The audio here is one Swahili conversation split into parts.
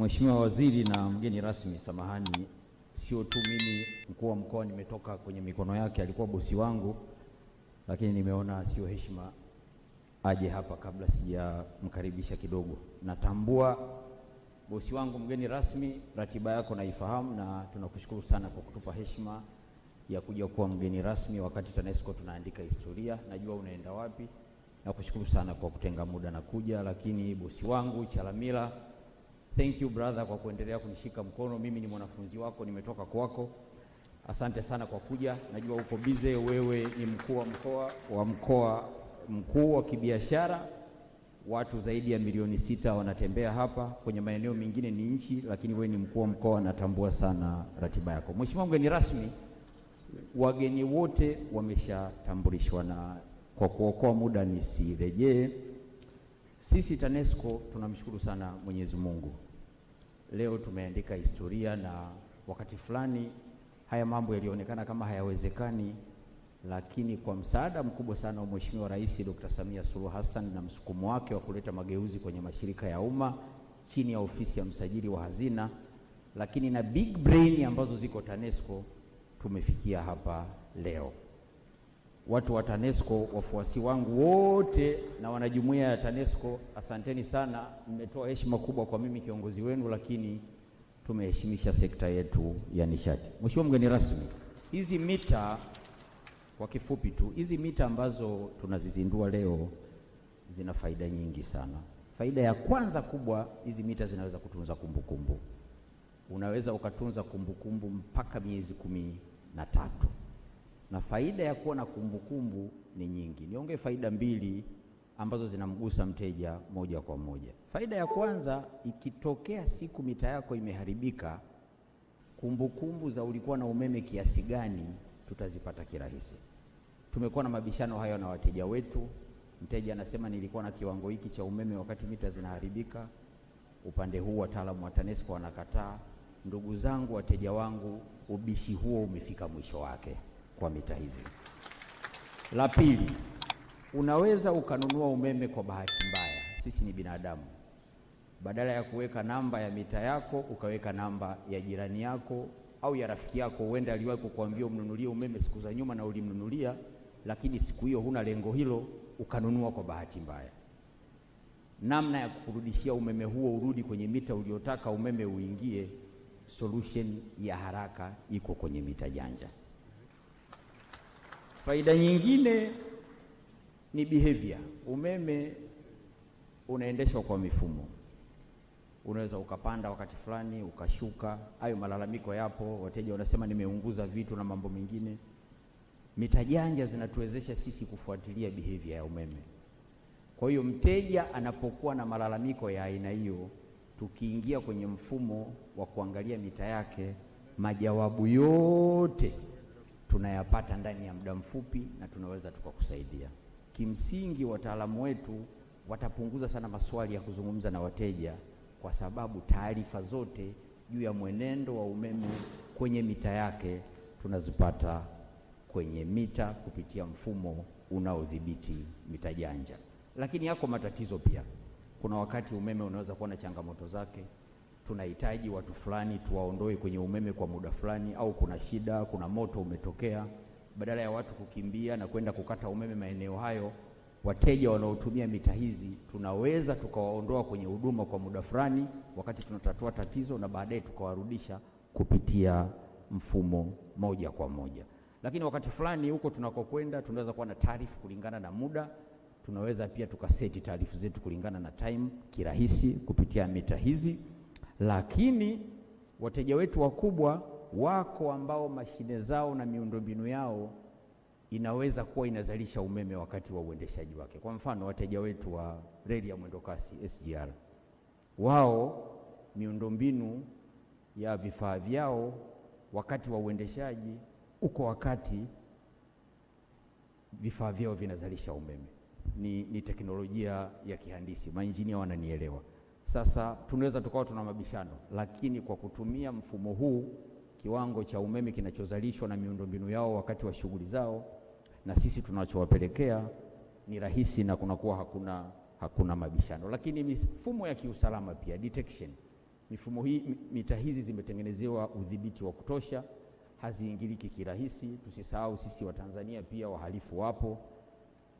Mheshimiwa Waziri na mgeni rasmi, samahani, sio tu mimi mkuu wa mkoa nimetoka kwenye mikono yake, alikuwa bosi wangu, lakini nimeona sio heshima aje hapa kabla sijamkaribisha kidogo. Natambua bosi wangu, mgeni rasmi, ratiba yako naifahamu na tunakushukuru sana kwa kutupa heshima ya kuja kuwa mgeni rasmi wakati TANESCO tunaandika historia. Najua unaenda wapi, nakushukuru sana kwa kutenga muda na kuja, lakini bosi wangu Chalamila Thank you brother kwa kuendelea kunishika mkono. Mimi ni mwanafunzi wako, nimetoka kwako. Asante sana kwa kuja, najua uko bize. Wewe ni mkuu wa mkoa wa mkoa mkuu wa kibiashara, watu zaidi ya milioni sita wanatembea hapa, kwenye maeneo mengine ni nchi, lakini wewe ni mkuu wa mkoa, natambua sana ratiba yako. Mheshimiwa mgeni rasmi, wageni wote wameshatambulishwa, na kwa kuokoa muda nisirejee sisi TANESCO tunamshukuru sana Mwenyezi Mungu, leo tumeandika historia, na wakati fulani haya mambo yalionekana kama hayawezekani, lakini kwa msaada mkubwa sana wa Mheshimiwa Rais Dr. Samia Suluhu Hassan na msukumo wake wa kuleta mageuzi kwenye mashirika ya umma chini ya ofisi ya msajili wa hazina, lakini na big brain ambazo ziko TANESCO tumefikia hapa leo watu wa TANESCO, wafuasi wangu wote na wanajumuiya ya TANESCO, asanteni sana, mmetoa heshima kubwa kwa mimi kiongozi wenu, lakini tumeheshimisha sekta yetu ya nishati. Mheshimiwa mgeni rasmi, hizi mita kwa kifupi tu, hizi mita ambazo tunazizindua leo zina faida nyingi sana. Faida ya kwanza kubwa, hizi mita zinaweza kutunza kumbukumbu kumbu. Unaweza ukatunza kumbukumbu kumbu mpaka miezi kumi na tatu na faida ya kuwa na kumbukumbu ni nyingi. Niongee faida mbili ambazo zinamgusa mteja moja kwa moja. Faida ya kwanza, ikitokea siku mita yako imeharibika, kumbukumbu za ulikuwa na umeme kiasi gani tutazipata kirahisi. Tumekuwa na mabishano hayo na wateja wetu. Mteja anasema nilikuwa na kiwango hiki cha umeme wakati mita zinaharibika, upande huu wataalamu wa TANESCO wanakataa. Ndugu zangu, wateja wangu, ubishi huo umefika mwisho wake kwa mita hizi. La pili, unaweza ukanunua umeme kwa bahati mbaya, sisi ni binadamu. Badala ya kuweka namba ya mita yako ukaweka namba ya jirani yako au ya rafiki yako, huenda aliwahi kukuambia umnunulie umeme siku za nyuma na ulimnunulia, lakini siku hiyo huna lengo hilo, ukanunua kwa bahati mbaya. Namna ya kukurudishia umeme huo urudi kwenye mita uliotaka umeme uingie, solution ya haraka iko kwenye mita janja. Faida nyingine ni behavior. Umeme unaendeshwa kwa mifumo, unaweza ukapanda wakati fulani ukashuka. Hayo malalamiko yapo, wateja wanasema nimeunguza vitu na mambo mengine. Mita janja zinatuwezesha sisi kufuatilia behavior ya umeme. Kwa hiyo mteja anapokuwa na malalamiko ya aina hiyo, tukiingia kwenye mfumo wa kuangalia mita yake, majawabu yote tunayapata ndani ya muda mfupi na tunaweza tukakusaidia. Kimsingi, wataalamu wetu watapunguza sana maswali ya kuzungumza na wateja, kwa sababu taarifa zote juu ya mwenendo wa umeme kwenye mita yake tunazipata kwenye mita kupitia mfumo unaodhibiti mita janja. Lakini yako matatizo pia. Kuna wakati umeme unaweza kuwa na changamoto zake tunahitaji watu fulani tuwaondoe kwenye umeme kwa muda fulani, au kuna shida, kuna moto umetokea, badala ya watu kukimbia na kwenda kukata umeme maeneo hayo, wateja wanaotumia mita hizi tunaweza tukawaondoa kwenye huduma kwa muda fulani, wakati tunatatua tatizo, na baadaye tukawarudisha kupitia mfumo moja kwa moja. Lakini wakati fulani huko tunakokwenda tunaweza kuwa na taarifa kulingana na muda tunaweza pia tukaseti taarifa zetu kulingana na time kirahisi kupitia mita hizi. Lakini wateja wetu wakubwa wako ambao mashine zao na miundombinu yao inaweza kuwa inazalisha umeme wakati wa uendeshaji wake. Kwa mfano, wateja wetu wa reli ya mwendokasi SGR, wao miundombinu ya vifaa vyao wakati wa uendeshaji uko wakati vifaa vyao vinazalisha umeme. Ni, ni teknolojia ya kihandisi, mainjinia wananielewa. Sasa tunaweza tukawa tuna mabishano, lakini kwa kutumia mfumo huu, kiwango cha umeme kinachozalishwa na miundombinu yao wakati wa shughuli zao na sisi tunachowapelekea ni rahisi na kunakuwa hakuna, hakuna mabishano. Lakini mifumo ya kiusalama pia detection, mifumo hii, mita hizi zimetengenezewa udhibiti wa kutosha, haziingiliki kirahisi. Tusisahau sisi Watanzania pia wahalifu wapo,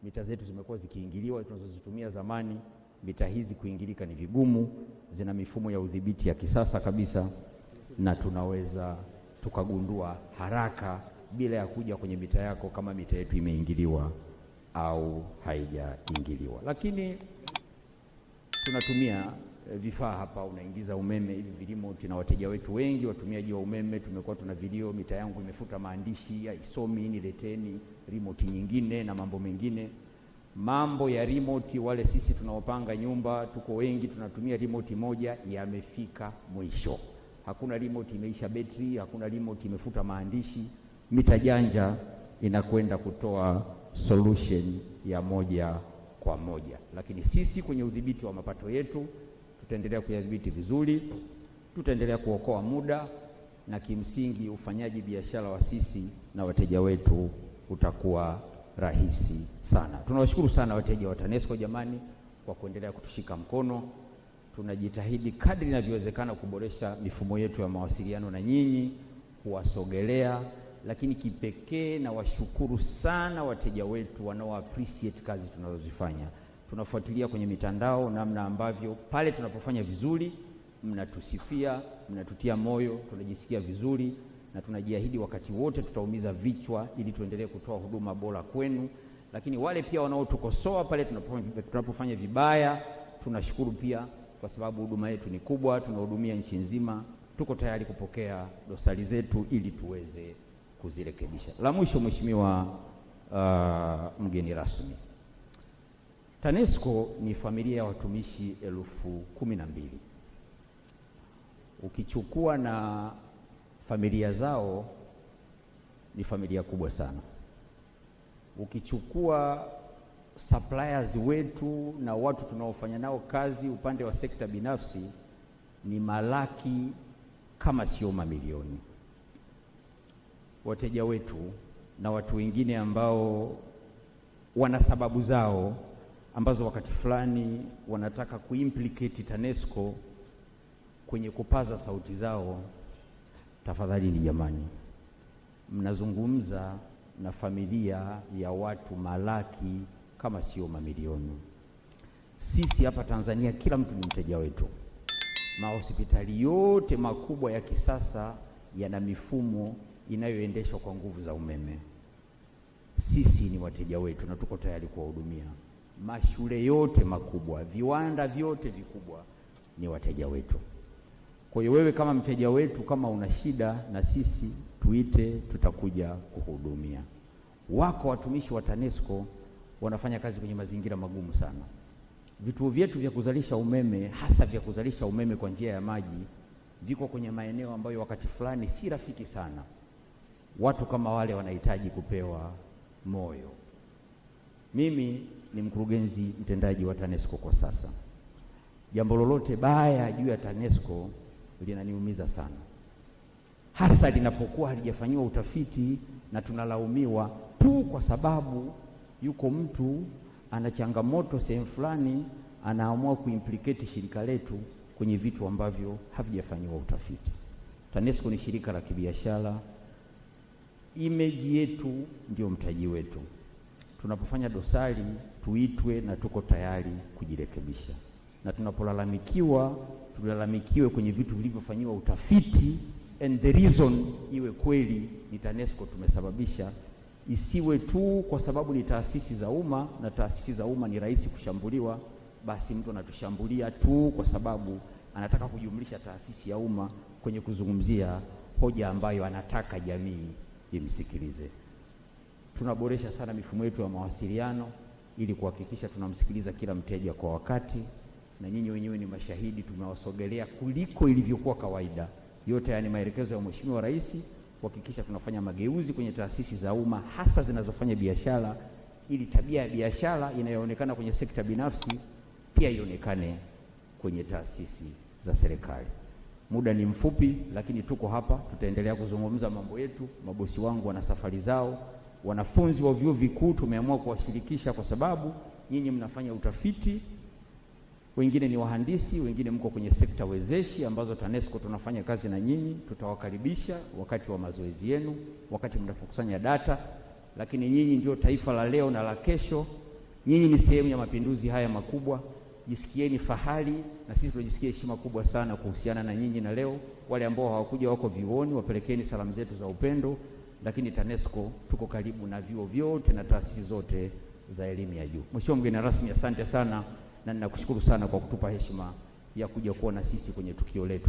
mita zetu zimekuwa zikiingiliwa tunazozitumia zamani bita hizi kuingilika ni vigumu, zina mifumo ya udhibiti ya kisasa kabisa, na tunaweza tukagundua haraka bila ya kuja kwenye mita yako kama mita yetu imeingiliwa au haijaingiliwa. Lakini tunatumia eh, vifaa hapa, unaingiza umeme hivi vilimo. Tuna wateja wetu wengi watumiaji wa umeme, tumekuwa tuna video, mita yangu imefuta maandishi, haisomi, nileteni remote nyingine na mambo mengine mambo ya remote, wale sisi tunaopanga nyumba tuko wengi, tunatumia remote moja, yamefika mwisho. Hakuna remote imeisha betri, hakuna remote imefuta maandishi. Mita janja inakwenda kutoa solution ya moja kwa moja, lakini sisi kwenye udhibiti wa mapato yetu tutaendelea kuyadhibiti vizuri, tutaendelea kuokoa muda na kimsingi ufanyaji biashara wa sisi na wateja wetu utakuwa rahisi sana. Tunawashukuru sana wateja wa TANESCO jamani, kwa kuendelea kutushika mkono. Tunajitahidi kadri inavyowezekana kuboresha mifumo yetu ya mawasiliano na nyinyi, kuwasogelea, lakini kipekee na washukuru sana wateja wetu wanao appreciate kazi tunazozifanya. Tunafuatilia kwenye mitandao namna ambavyo pale tunapofanya vizuri mnatusifia, mnatutia moyo, tunajisikia vizuri na tunajiahidi wakati wote tutaumiza vichwa ili tuendelee kutoa huduma bora kwenu. Lakini wale pia wanaotukosoa pale tunapofanya vibaya, tunashukuru pia kwa sababu huduma yetu ni kubwa, tunahudumia nchi nzima. Tuko tayari kupokea dosari zetu ili tuweze kuzirekebisha. La mwisho, Mheshimiwa uh, mgeni rasmi, TANESCO ni familia ya watumishi elfu kumi na mbili ukichukua na familia zao ni familia kubwa sana. Ukichukua suppliers wetu na watu tunaofanya nao kazi upande wa sekta binafsi ni malaki kama sio mamilioni. Wateja wetu na watu wengine ambao wana sababu zao ambazo wakati fulani wanataka kuimplicate TANESCO kwenye kupaza sauti zao Tafadhali ni jamani, mnazungumza na familia ya watu malaki kama sio mamilioni. Sisi hapa Tanzania kila mtu ni mteja wetu. Mahospitali yote makubwa ya kisasa yana mifumo inayoendeshwa kwa nguvu za umeme. Sisi ni wateja wetu na tuko tayari kuwahudumia. Mashule yote makubwa, viwanda vyote vikubwa ni wateja wetu. Kwa hiyo wewe kama mteja wetu, kama una shida na sisi tuite, tutakuja kuhudumia. Wako watumishi wa TANESCO wanafanya kazi kwenye mazingira magumu sana. Vituo vyetu vya kuzalisha umeme, hasa vya kuzalisha umeme kwa njia ya maji, viko kwenye maeneo ambayo wakati fulani si rafiki sana. Watu kama wale wanahitaji kupewa moyo. Mimi ni mkurugenzi mtendaji wa TANESCO kwa sasa. Jambo lolote baya juu ya TANESCO linaniumiza sana, hasa linapokuwa halijafanyiwa utafiti na tunalaumiwa tu kwa sababu yuko mtu ana changamoto sehemu fulani, anaamua kuimplicate shirika letu kwenye vitu ambavyo havijafanyiwa utafiti. TANESCO ni shirika la kibiashara, imeji yetu ndio mtaji wetu. Tunapofanya dosari tuitwe na tuko tayari kujirekebisha na tunapolalamikiwa tulalamikiwe kwenye vitu vilivyofanyiwa utafiti and the reason iwe kweli ni TANESCO tumesababisha, isiwe tu kwa sababu ni taasisi za umma na taasisi za umma ni rahisi kushambuliwa, basi mtu anatushambulia tu kwa sababu anataka kujumlisha taasisi ya umma kwenye kuzungumzia hoja ambayo anataka jamii imsikilize. Tunaboresha sana mifumo yetu ya mawasiliano ili kuhakikisha tunamsikiliza kila mteja kwa wakati na nyinyi wenyewe ni mashahidi, tumewasogelea kuliko ilivyokuwa kawaida. Yote haya ni maelekezo ya Mheshimiwa Rais kuhakikisha tunafanya mageuzi kwenye taasisi za umma hasa zinazofanya biashara, ili tabia ya biashara inayoonekana kwenye sekta binafsi pia ionekane kwenye taasisi za serikali. Muda ni mfupi, lakini tuko hapa, tutaendelea kuzungumza mambo yetu. Mabosi wangu wana safari zao, wanafunzi wa vyuo vikuu tumeamua kuwashirikisha kwa sababu nyinyi mnafanya utafiti wengine ni wahandisi, wengine mko kwenye sekta wezeshi ambazo TANESCO tunafanya kazi na nyinyi. Tutawakaribisha wakati wa mazoezi yenu, wakati mnapokusanya data, lakini nyinyi ndio taifa la leo na la kesho. Nyinyi ni sehemu ya mapinduzi haya makubwa, jisikieni fahari, na sisi tunajisikia heshima kubwa sana kuhusiana na nyinyi. Na leo wale ambao hawakuja wako vyuoni, wapelekeni salamu zetu za upendo, lakini TANESCO tuko karibu na vyuo vyote na taasisi zote za elimu ya juu. Mheshimiwa mgeni rasmi, asante sana na ninakushukuru sana kwa kutupa heshima ya kuja kuona sisi kwenye tukio letu.